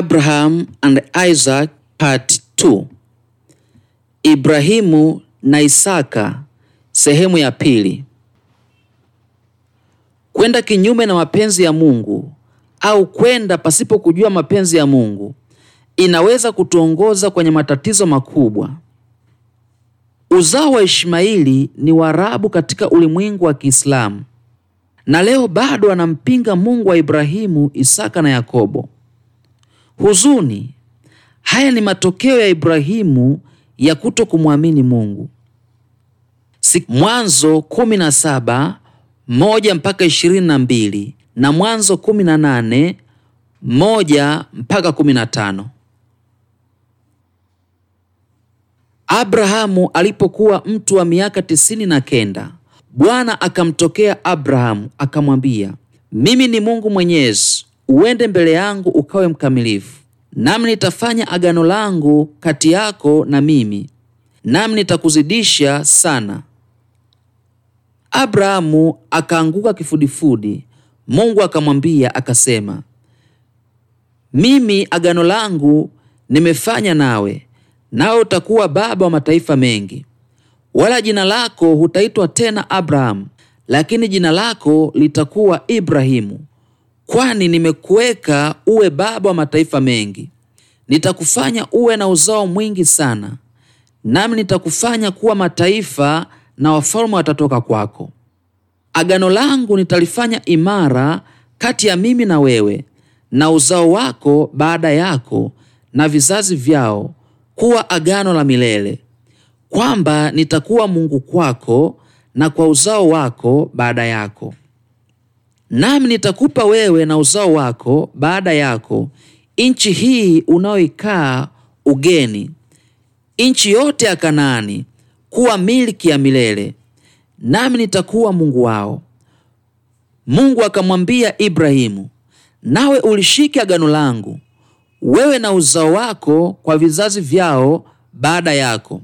Abraham and Isaac Part 2. Ibrahimu na Isaka sehemu ya pili. Kwenda kinyume na mapenzi ya Mungu au kwenda pasipo kujua mapenzi ya Mungu inaweza kutuongoza kwenye matatizo makubwa. Uzao wa Ishmaili ni Waarabu katika ulimwengu wa Kiislamu, na leo bado wanampinga Mungu wa Ibrahimu, Isaka na Yakobo huzuni. Haya ni matokeo ya Ibrahimu ya kuto kumwamini Mungu. Mwanzo 17 moja mpaka 22 na na Mwanzo 18 moja mpaka 15. Abrahamu alipokuwa mtu wa miaka tisini na kenda, Bwana akamtokea Abrahamu akamwambia, mimi ni Mungu Mwenyezi uende mbele yangu ukawe mkamilifu, nami nitafanya agano langu kati yako na mimi, nami nitakuzidisha sana. Abrahamu akaanguka kifudifudi. Mungu akamwambia akasema, mimi agano langu nimefanya nawe, nawe utakuwa baba wa mataifa mengi, wala jina lako hutaitwa tena Abrahamu, lakini jina lako litakuwa Ibrahimu, kwani nimekuweka uwe baba wa mataifa mengi. Nitakufanya uwe na uzao mwingi sana, nami nitakufanya kuwa mataifa, na wafalme watatoka kwako. Agano langu nitalifanya imara kati ya mimi na wewe na uzao wako baada yako na vizazi vyao, kuwa agano la milele, kwamba nitakuwa Mungu kwako na kwa uzao wako baada yako nami nitakupa wewe na uzao wako baada yako nchi hii unaoikaa ugeni, nchi yote ya Kanaani, kuwa milki ya milele, nami nitakuwa Mungu wao. Mungu akamwambia Ibrahimu, nawe ulishike agano langu, wewe na uzao wako kwa vizazi vyao baada yako.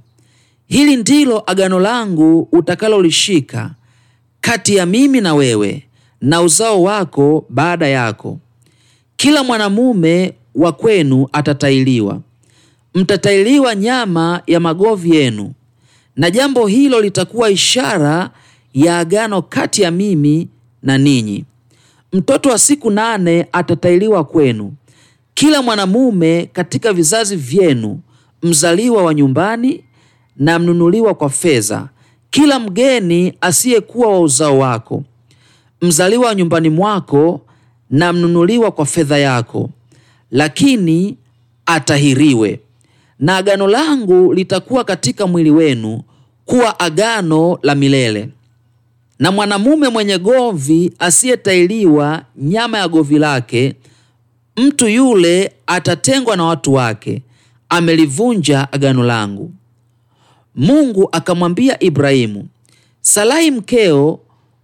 Hili ndilo agano langu utakalolishika kati ya mimi na wewe na uzao wako baada yako. Kila mwanamume wa kwenu atatailiwa, mtatailiwa nyama ya magovi yenu, na jambo hilo litakuwa ishara ya agano kati ya mimi na ninyi. Mtoto wa siku nane atatailiwa kwenu, kila mwanamume katika vizazi vyenu, mzaliwa wa nyumbani na mnunuliwa kwa fedha, kila mgeni asiyekuwa wa uzao wako mzaliwa wa nyumbani mwako na mnunuliwa kwa fedha yako, lakini atahiriwe. Na agano langu litakuwa katika mwili wenu kuwa agano la milele. Na mwanamume mwenye govi asiyetailiwa nyama ya govi lake, mtu yule atatengwa na watu wake, amelivunja agano langu. Mungu akamwambia Ibrahimu, Sarai mkeo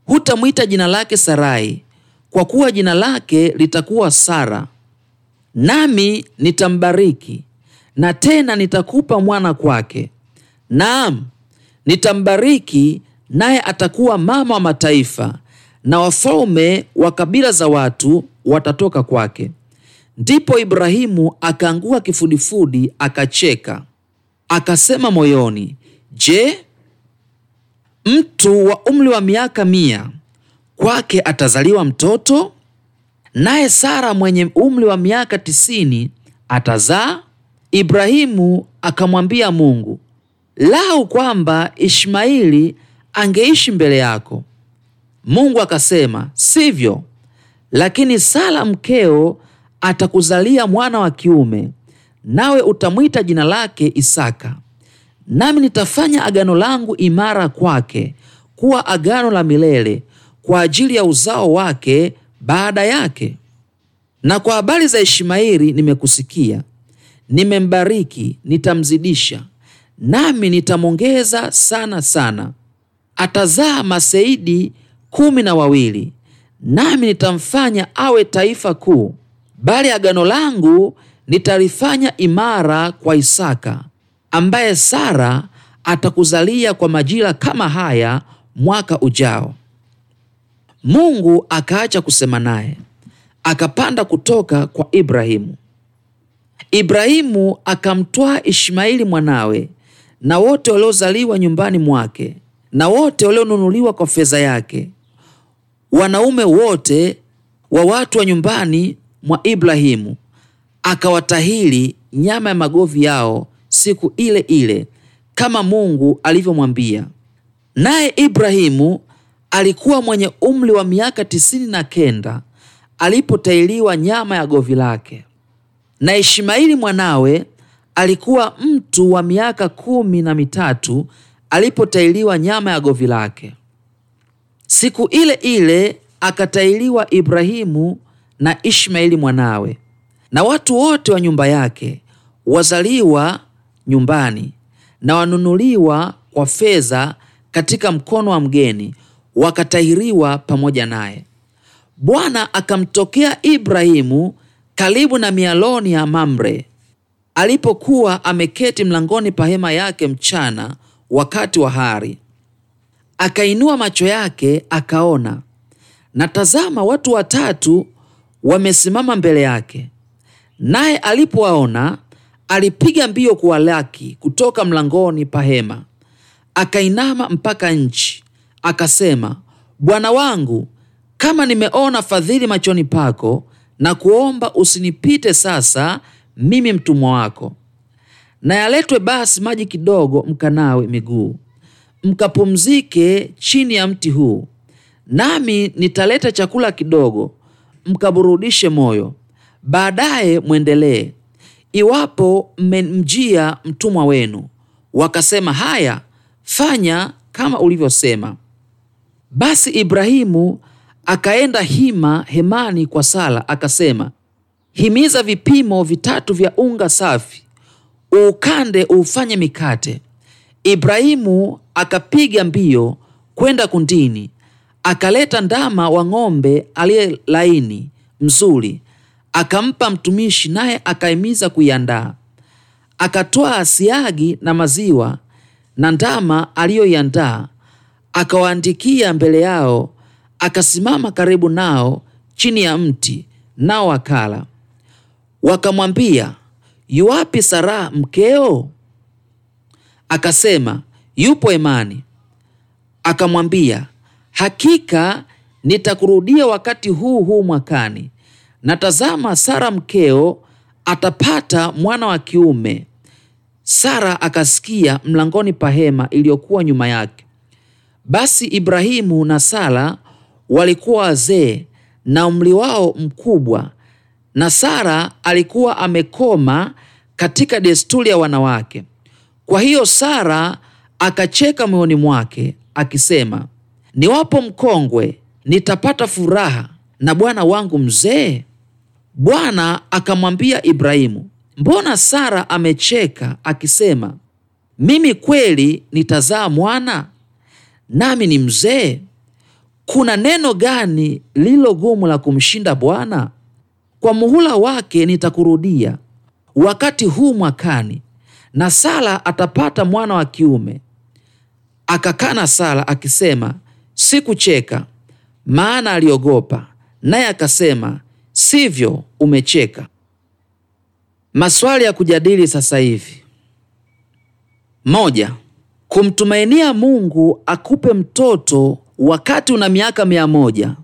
Hutamwita jina lake Sarai, kwa kuwa jina lake litakuwa Sara. Nami nitambariki na tena nitakupa mwana kwake. Naam, nitambariki naye atakuwa mama wa mataifa, na wafalme wa kabila za watu watatoka kwake. Ndipo Ibrahimu akaangua kifudifudi, akacheka, akasema moyoni, Je, Mtu wa umri wa miaka mia kwake atazaliwa mtoto, naye Sara mwenye umri wa miaka tisini atazaa. Ibrahimu akamwambia Mungu, lau kwamba Ishmaili angeishi mbele yako. Mungu akasema, sivyo, lakini Sara mkeo atakuzalia mwana wa kiume, nawe utamwita jina lake Isaka nami nitafanya agano langu imara kwake kuwa agano la milele kwa ajili ya uzao wake baada yake. Na kwa habari za ishimairi nimekusikia, nimembariki, nitamzidisha, nami nitamwongeza sana sana. Atazaa maseidi kumi na wawili, nami nitamfanya awe taifa kuu, bali agano langu nitalifanya imara kwa Isaka ambaye Sara atakuzalia kwa majira kama haya mwaka ujao. Mungu akaacha kusema naye, akapanda kutoka kwa Ibrahimu. Ibrahimu akamtwaa Ishmaeli mwanawe na wote waliozaliwa nyumbani mwake na wote walionunuliwa kwa fedha yake, wanaume wote wa watu wa nyumbani mwa Ibrahimu, akawatahiri nyama ya magovi yao siku ile ile kama Mungu alivyomwambia. Naye Ibrahimu alikuwa mwenye umri wa miaka tisini na kenda alipotailiwa nyama ya govi lake, na Ishmaeli mwanawe alikuwa mtu wa miaka kumi na mitatu alipotailiwa nyama ya govi lake. Siku ile ile akatailiwa Ibrahimu na Ishmaeli mwanawe na watu wote wa nyumba yake wazaliwa nyumbani na wanunuliwa kwa fedha katika mkono wa mgeni, wakatahiriwa pamoja naye. Bwana akamtokea Ibrahimu karibu na mialoni ya Mamre alipokuwa ameketi mlangoni pa hema yake mchana, wakati wa hari. Akainua macho yake akaona, na tazama, watu watatu wamesimama mbele yake. Naye alipowaona Alipiga mbio kuwalaki kutoka mlangoni pa hema, akainama mpaka nchi, akasema, Bwana wangu, kama nimeona fadhili machoni pako, na kuomba usinipite sasa, mimi mtumwa wako, na yaletwe basi maji kidogo, mkanawe miguu, mkapumzike chini ya mti huu, nami nitaleta chakula kidogo, mkaburudishe moyo, baadaye mwendelee iwapo mmemjia mtumwa wenu, wakasema, haya, fanya kama ulivyosema. Basi Ibrahimu akaenda hima hemani kwa sala akasema, himiza vipimo vitatu vya unga safi uukande uufanye mikate. Ibrahimu akapiga mbio kwenda kundini, akaleta ndama wa ng'ombe aliye laini mzuri akampa mtumishi, naye akahimiza kuiandaa. Akatwaa siagi na maziwa na ndama aliyoiandaa, akawaandikia mbele yao, akasimama karibu nao chini ya mti, nao wakala. Wakamwambia, yuwapi sara mkeo? Akasema, yupo emani Akamwambia, hakika nitakurudia wakati huu huu mwakani, na tazama, Sara mkeo atapata mwana wa kiume. Sara akasikia mlangoni pa hema iliyokuwa nyuma yake. Basi Ibrahimu na Sara walikuwa wazee na umri wao mkubwa, na Sara alikuwa amekoma katika desturi ya wanawake. Kwa hiyo Sara akacheka moyoni mwake akisema, niwapo mkongwe nitapata furaha, na bwana wangu mzee Bwana akamwambia Ibrahimu, mbona Sara amecheka akisema, mimi kweli nitazaa mwana nami ni mzee? Kuna neno gani lilo gumu la kumshinda Bwana? Kwa muhula wake nitakurudia wakati huu mwakani, na Sara atapata mwana wa kiume. Akakana Sara akisema, sikucheka, maana aliogopa. Naye akasema sivyo umecheka. Maswali ya kujadili sasa hivi: moja, kumtumainia Mungu akupe mtoto wakati una miaka mia moja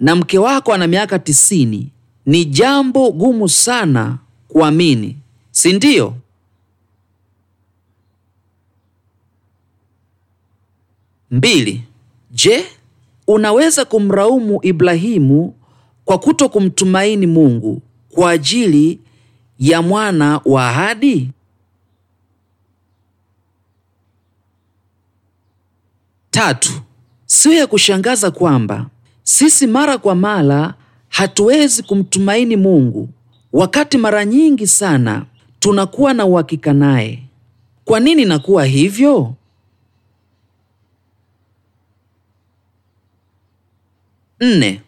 na mke wako ana miaka tisini ni jambo gumu sana kuamini, si ndio? Mbili, je, unaweza kumraumu Ibrahimu kwa kuto kumtumaini Mungu kwa ajili ya mwana wa ahadi? Tatu, siyo ya kushangaza kwamba sisi mara kwa mara hatuwezi kumtumaini Mungu wakati mara nyingi sana tunakuwa na uhakika naye. Kwa nini nakuwa hivyo? Nne,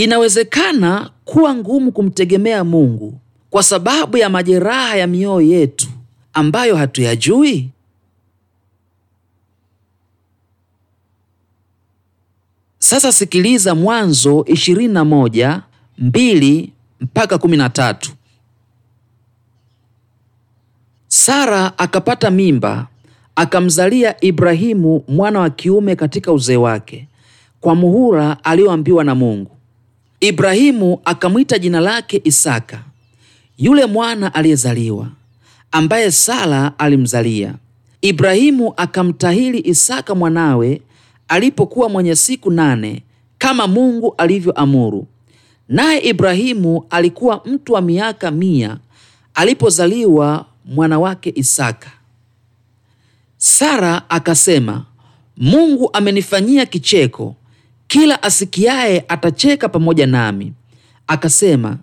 Inawezekana kuwa ngumu kumtegemea Mungu kwa sababu ya majeraha ya mioyo yetu ambayo hatuyajui. Sasa sikiliza Mwanzo 21 mpaka 13. Sara akapata mimba akamzalia Ibrahimu mwana wa kiume katika uzee wake, kwa muhura aliyoambiwa na Mungu. Ibrahimu akamwita jina lake Isaka, yule mwana aliyezaliwa ambaye Sara alimzalia. Ibrahimu akamtahiri Isaka mwanawe alipokuwa mwenye siku nane kama Mungu alivyoamuru. Naye Ibrahimu alikuwa mtu wa miaka mia alipozaliwa mwana wake Isaka. Sara akasema, Mungu amenifanyia kicheko, kila asikiaye atacheka pamoja nami. Akasema,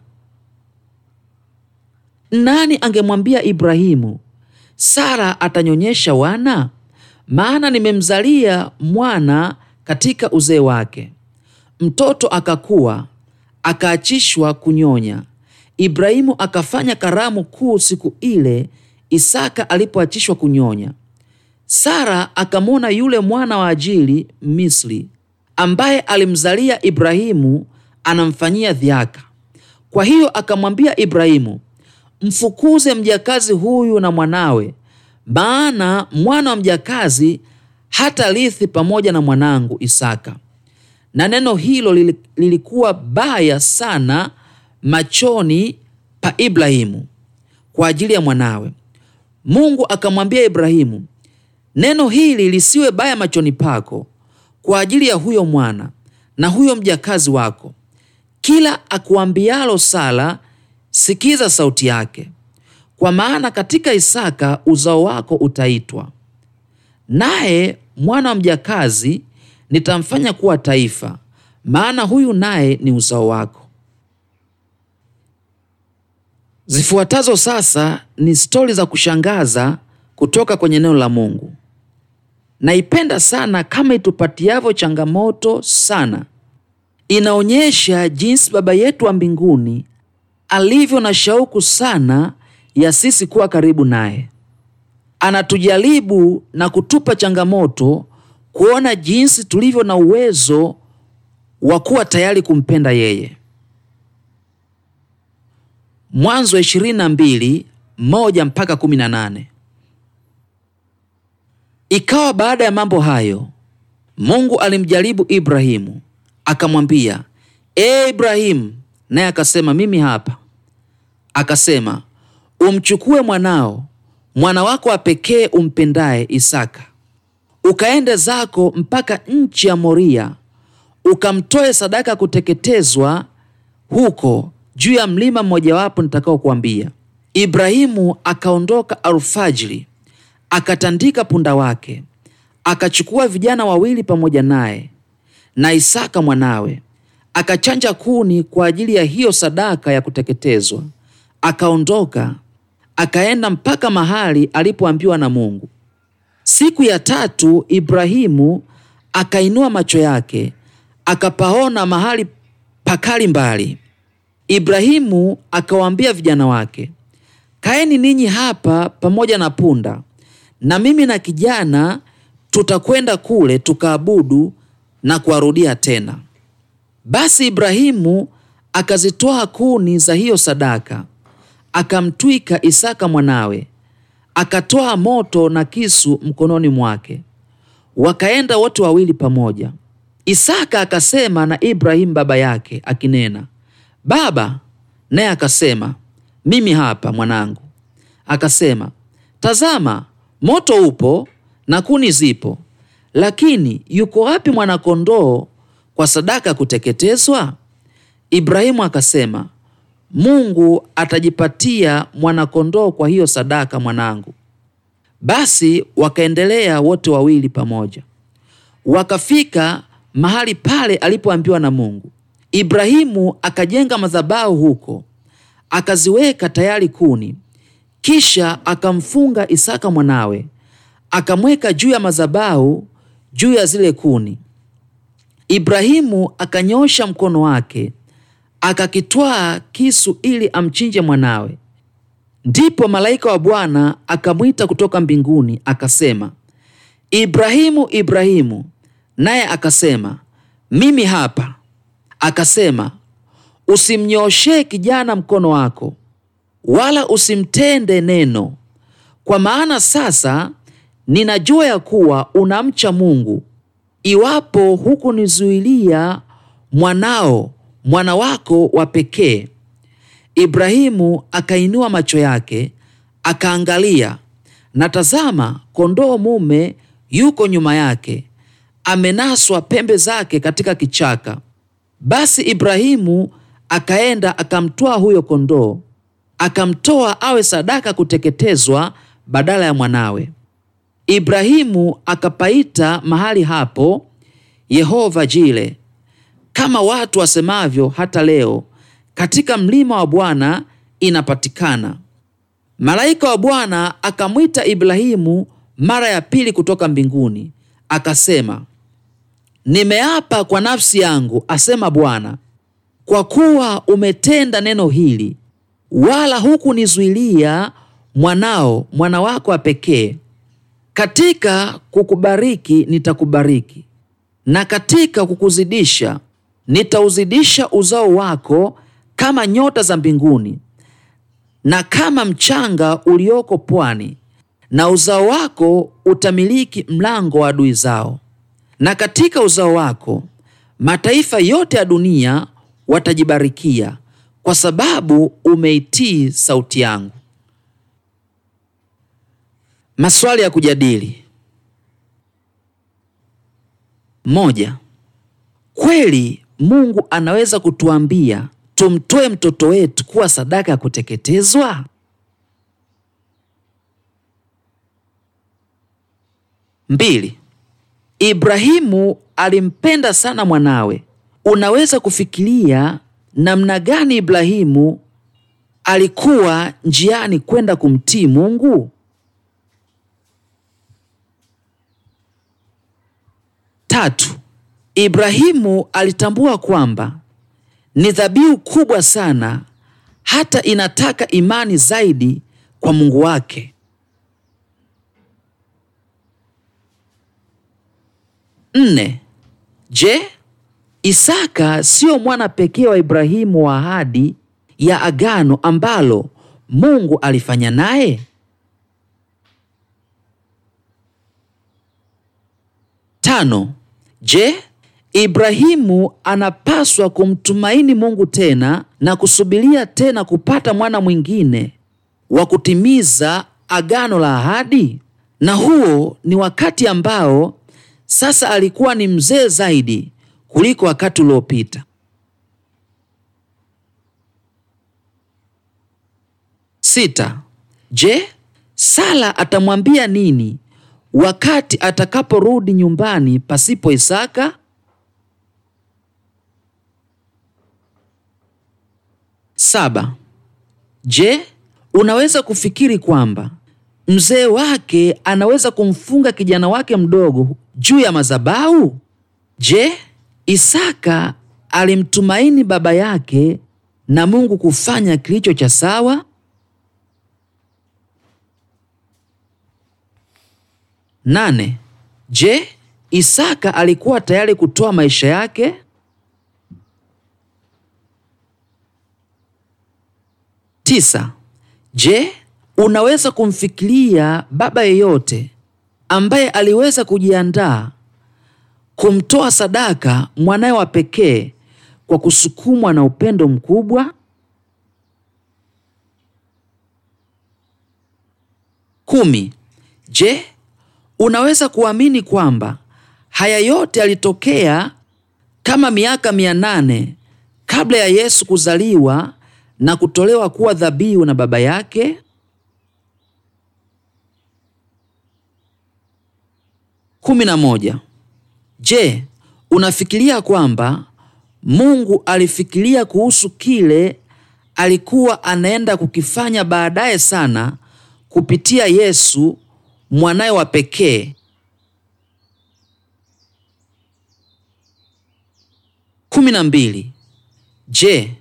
nani angemwambia Ibrahimu, Sara atanyonyesha wana? Maana nimemzalia mwana katika uzee wake. Mtoto akakuwa akaachishwa kunyonya. Ibrahimu akafanya karamu kuu siku ile Isaka alipoachishwa kunyonya. Sara akamwona yule mwana wa ajili Misri, ambaye alimzalia Ibrahimu anamfanyia dhiaka. Kwa hiyo akamwambia Ibrahimu, mfukuze mjakazi huyu na mwanawe, maana mwana wa mjakazi hata rithi pamoja na mwanangu Isaka. Na neno hilo lilikuwa baya sana machoni pa Ibrahimu kwa ajili ya mwanawe. Mungu akamwambia Ibrahimu, neno hili lisiwe baya machoni pako, kwa ajili ya huyo mwana na huyo mjakazi wako, kila akuambialo sala sikiza sauti yake, kwa maana katika Isaka uzao wako utaitwa. Naye mwana wa mjakazi nitamfanya kuwa taifa, maana huyu naye ni uzao wako. Zifuatazo sasa ni stori za kushangaza kutoka kwenye neno la Mungu. Naipenda sana kama itupatiavyo changamoto sana. Inaonyesha jinsi Baba yetu wa mbinguni alivyo na shauku sana ya sisi kuwa karibu naye. Anatujaribu na kutupa changamoto kuona jinsi tulivyo na uwezo wa kuwa tayari kumpenda yeye. Mwanzo mpaka Ikawa baada ya mambo hayo, Mungu alimjaribu Ibrahimu akamwambia, e Ibrahimu, naye akasema, mimi hapa. Akasema, umchukue mwanao, mwana wako apekee umpendaye Isaka, ukaende zako mpaka nchi ya Moria, ukamtoe sadaka kuteketezwa huko juu ya mlima mmojawapo nitakaokuambia Ibrahimu akaondoka alfajiri akatandika punda wake, akachukua vijana wawili pamoja naye na Isaka mwanawe, akachanja kuni kwa ajili ya hiyo sadaka ya kuteketezwa, akaondoka akaenda mpaka mahali alipoambiwa na Mungu. Siku ya tatu Ibrahimu akainua macho yake akapaona mahali pakali mbali. Ibrahimu akawaambia vijana wake, kaeni ninyi hapa pamoja na punda, na mimi na kijana tutakwenda kule tukaabudu na kuwarudia tena. Basi Ibrahimu akazitoa kuni za hiyo sadaka, akamtwika Isaka mwanawe, akatoa moto na kisu mkononi mwake, wakaenda wote wawili pamoja. Isaka akasema na Ibrahimu baba yake akinena, Baba. Naye akasema, mimi hapa mwanangu. Akasema, tazama Moto upo na kuni zipo, lakini yuko wapi mwanakondoo kwa sadaka kuteketezwa? Ibrahimu akasema, Mungu atajipatia mwanakondoo kwa hiyo sadaka, mwanangu. Basi wakaendelea wote wawili pamoja, wakafika mahali pale alipoambiwa na Mungu. Ibrahimu akajenga madhabahu huko, akaziweka tayari kuni kisha akamfunga Isaka mwanawe, akamweka juu ya madhabahu juu ya zile kuni. Ibrahimu akanyosha mkono wake akakitwaa kisu ili amchinje mwanawe. Ndipo malaika wa Bwana akamwita kutoka mbinguni akasema, Ibrahimu, Ibrahimu! Naye akasema, mimi hapa. Akasema, usimnyooshee kijana mkono wako, wala usimtende neno, kwa maana sasa ninajua ya kuwa unamcha Mungu, iwapo hukunizuilia mwanao, mwana wako wa pekee. Ibrahimu akainua macho yake akaangalia, na tazama, kondoo mume yuko nyuma yake, amenaswa pembe zake katika kichaka. Basi Ibrahimu akaenda akamtwaa huyo kondoo akamtoa awe sadaka kuteketezwa badala ya mwanawe. Ibrahimu akapaita mahali hapo Yehova Jile, kama watu wasemavyo hata leo, katika mlima wa Bwana inapatikana. Malaika wa Bwana akamwita Ibrahimu mara ya pili kutoka mbinguni, akasema, nimeapa kwa nafsi yangu, asema Bwana, kwa kuwa umetenda neno hili wala hukunizuilia mwanao, mwana wako wa pekee. Katika kukubariki nitakubariki, na katika kukuzidisha nitauzidisha uzao wako kama nyota za mbinguni na kama mchanga ulioko pwani, na uzao wako utamiliki mlango wa adui zao, na katika uzao wako mataifa yote ya dunia watajibarikia kwa sababu umeitii sauti yangu. Maswali ya kujadili: moja. Kweli Mungu anaweza kutuambia tumtoe mtoto wetu kuwa sadaka ya kuteketezwa? Mbili. Ibrahimu alimpenda sana mwanawe. Unaweza kufikiria namna gani Ibrahimu alikuwa njiani kwenda kumtii Mungu? Tatu, Ibrahimu alitambua kwamba ni dhabihu kubwa sana, hata inataka imani zaidi kwa Mungu wake. Nne, je, Isaka siyo mwana pekee wa Ibrahimu wa ahadi ya agano ambalo Mungu alifanya naye. Tano. Je, Ibrahimu anapaswa kumtumaini Mungu tena na kusubiria tena kupata mwana mwingine wa kutimiza agano la ahadi? Na huo ni wakati ambao sasa alikuwa ni mzee zaidi kuliko wakati uliopita. Sita. Je, sala atamwambia nini wakati atakaporudi nyumbani pasipo Isaka? Saba. Je, unaweza kufikiri kwamba mzee wake anaweza kumfunga kijana wake mdogo juu ya madhabahu? Je, Isaka alimtumaini baba yake na Mungu kufanya kilicho cha sawa Nane. Je, Isaka alikuwa tayari kutoa maisha yake? Tisa. Je, unaweza kumfikiria baba yeyote ambaye aliweza kujiandaa kumtoa sadaka mwanaye wa pekee kwa kusukumwa na upendo mkubwa kumi. Je, unaweza kuamini kwamba haya yote yalitokea kama miaka mia nane kabla ya Yesu kuzaliwa na kutolewa kuwa dhabihu na Baba yake? kumi na moja. Je, unafikiria kwamba Mungu alifikiria kuhusu kile alikuwa anaenda kukifanya baadaye sana kupitia Yesu mwanaye wa pekee? kumi na mbili. Je,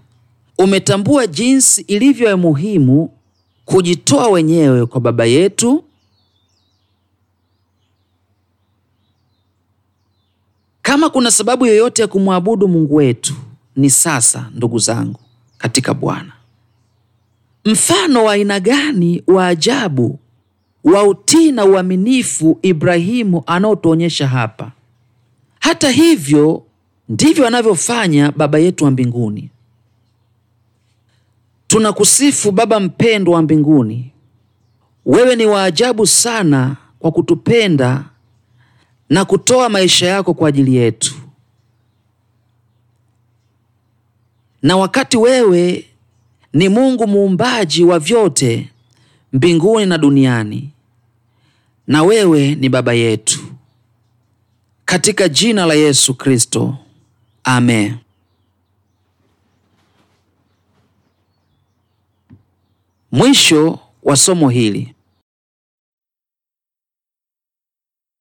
umetambua jinsi ilivyo muhimu kujitoa wenyewe kwa Baba yetu? Kama kuna sababu yoyote ya kumwabudu Mungu wetu ni sasa, ndugu zangu katika Bwana. Mfano wa aina gani wa ajabu wa utii na uaminifu Ibrahimu anaotuonyesha hapa! Hata hivyo ndivyo anavyofanya Baba yetu wa mbinguni. Tunakusifu Baba mpendwa wa mbinguni, wewe ni waajabu sana kwa kutupenda na kutoa maisha yako kwa ajili yetu. Na wakati wewe ni Mungu muumbaji wa vyote mbinguni na duniani, na wewe ni baba yetu, katika jina la Yesu Kristo, amen. Mwisho wa somo hili.